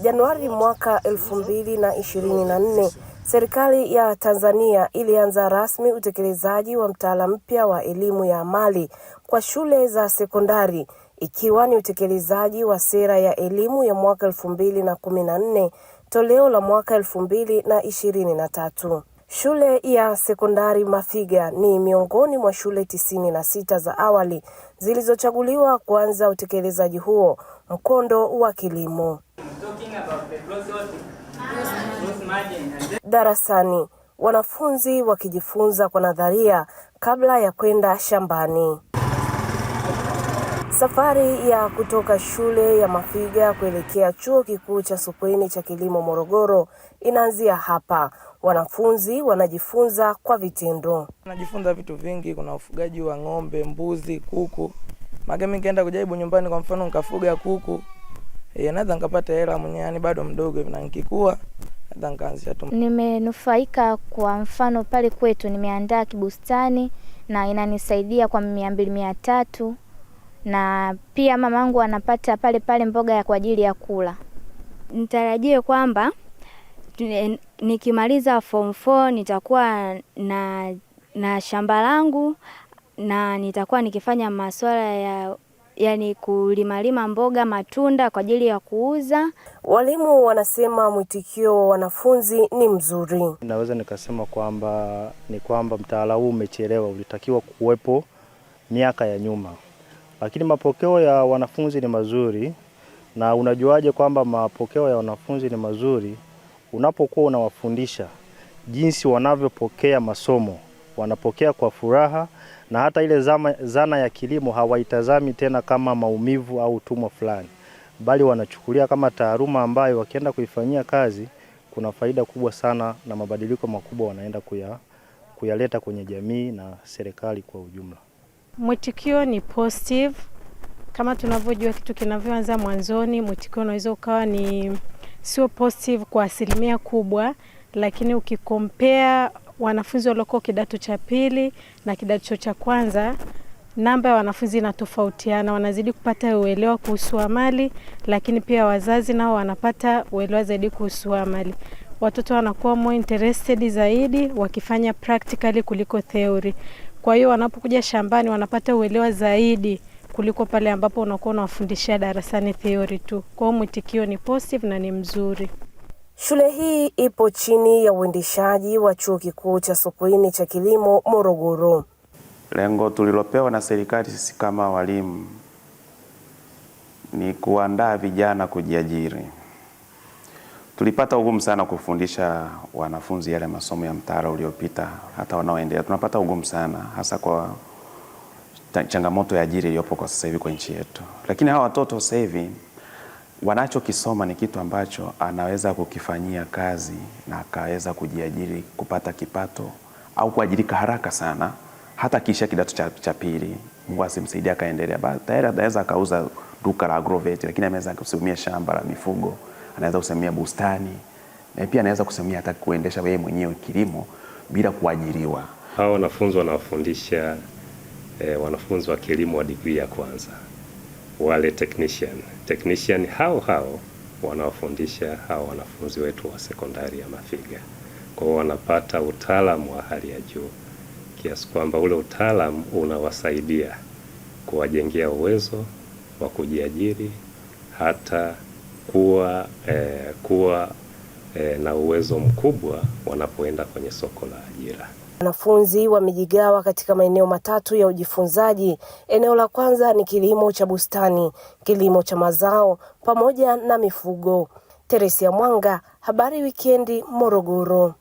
Januari mwaka elfu mbili na ishirini na nne, serikali ya Tanzania ilianza rasmi utekelezaji wa mtaala mpya wa elimu ya amali kwa shule za sekondari ikiwa ni utekelezaji wa sera ya elimu ya mwaka elfu mbili na kumi na nne toleo la mwaka elfu mbili na ishirini na tatu. Shule ya sekondari Mafiga ni miongoni mwa shule tisini na sita za awali zilizochaguliwa kuanza utekelezaji huo mkondo wa kilimo. darasani, wanafunzi wakijifunza kwa nadharia kabla ya kwenda shambani. Safari ya kutoka shule ya Mafiga kuelekea chuo kikuu cha Sokoine cha kilimo Morogoro inaanzia hapa. Wanafunzi wanajifunza kwa vitendo, wanajifunza vitu vingi. Kuna ufugaji wa ng'ombe, mbuzi, kuku. Magemi nikaenda kujaribu nyumbani, kwa mfano nikafuga kuku, eh, naweza nikapata hela mwenyewe, yaani bado mdogo, na nikikua Nimenufaika kwa mfano pale kwetu nimeandaa kibustani na inanisaidia kwa mia mbili mia tatu na pia mamangu anapata pale pale mboga ya kwa ajili ya kula. Nitarajie kwamba nikimaliza form 4 nitakuwa na, na shamba langu na nitakuwa nikifanya masuala ya yani kulimalima mboga, matunda kwa ajili ya kuuza. Walimu wanasema mwitikio wa wanafunzi ni mzuri. Naweza nikasema kwamba ni kwamba mtaala huu umechelewa, ulitakiwa kuwepo miaka ya nyuma, lakini mapokeo ya wanafunzi ni mazuri. Na unajuaje kwamba mapokeo ya wanafunzi ni mazuri? Unapokuwa unawafundisha jinsi wanavyopokea masomo wanapokea kwa furaha na hata ile zama, zana ya kilimo hawaitazami tena kama maumivu au utumwa fulani, bali wanachukulia kama taaluma ambayo wakienda kuifanyia kazi kuna faida kubwa sana na mabadiliko makubwa wanaenda kuya, kuyaleta kwenye jamii na serikali kwa ujumla. Mwitikio ni positive kama tunavyojua kitu kinavyoanza mwanzoni, mwitikio unaweza ukawa ni sio positive kwa asilimia kubwa, lakini ukikompea wanafunzi walioko kidato cha pili na kidato cha kwanza, namba ya wanafunzi inatofautiana, wanazidi kupata uelewa kuhusu amali, lakini pia wazazi nao wanapata uelewa zaidi kuhusu amali. Watoto wanakuwa more interested zaidi wakifanya practically kuliko theory. Kwa hiyo wanapokuja shambani wanapata uelewa zaidi kuliko pale ambapo unakuwa unawafundishia darasani theory tu. Kwa hiyo mwitikio ni positive na ni mzuri. Shule hii ipo chini ya uendeshaji wa Chuo Kikuu cha Sokoine cha Kilimo Morogoro. Lengo tulilopewa na serikali sisi kama walimu ni kuandaa vijana kujiajiri. Tulipata ugumu sana kufundisha wanafunzi yale masomo ya mtaala uliopita, hata wanaoendelea tunapata ugumu sana, hasa kwa changamoto ya ajira iliyopo kwa sasa hivi kwa nchi yetu, lakini hawa watoto sasa hivi wanachokisoma ni kitu ambacho anaweza kukifanyia kazi na akaweza kujiajiri kupata kipato au kuajirika haraka sana, hata kisha kidato cha, cha pili. Mungu asimsaidia akaendelea, tayari anaweza akauza duka la agrovet, lakini ameweza kusimamia shamba la mifugo, anaweza kusimamia bustani na pia anaweza kusimamia hata kuendesha yeye mwenyewe kilimo bila kuajiriwa. Hawa wanafunzi wanawafundisha eh, wanafunzi wa kilimo wa digrii ya kwanza wale technician technician hao hao wanaofundisha hao wanafunzi wetu wa sekondari ya Mafiga. Kwa hiyo wanapata utaalamu wa hali ya juu kiasi kwamba ule utaalamu unawasaidia kuwajengea uwezo wa kujiajiri hata kuwa, eh, kuwa eh, na uwezo mkubwa wanapoenda kwenye soko la ajira. Wanafunzi wamejigawa katika maeneo matatu ya ujifunzaji. Eneo la kwanza ni kilimo cha bustani, kilimo cha mazao pamoja na mifugo. Teresia Mwanga, Habari Wikendi, Morogoro.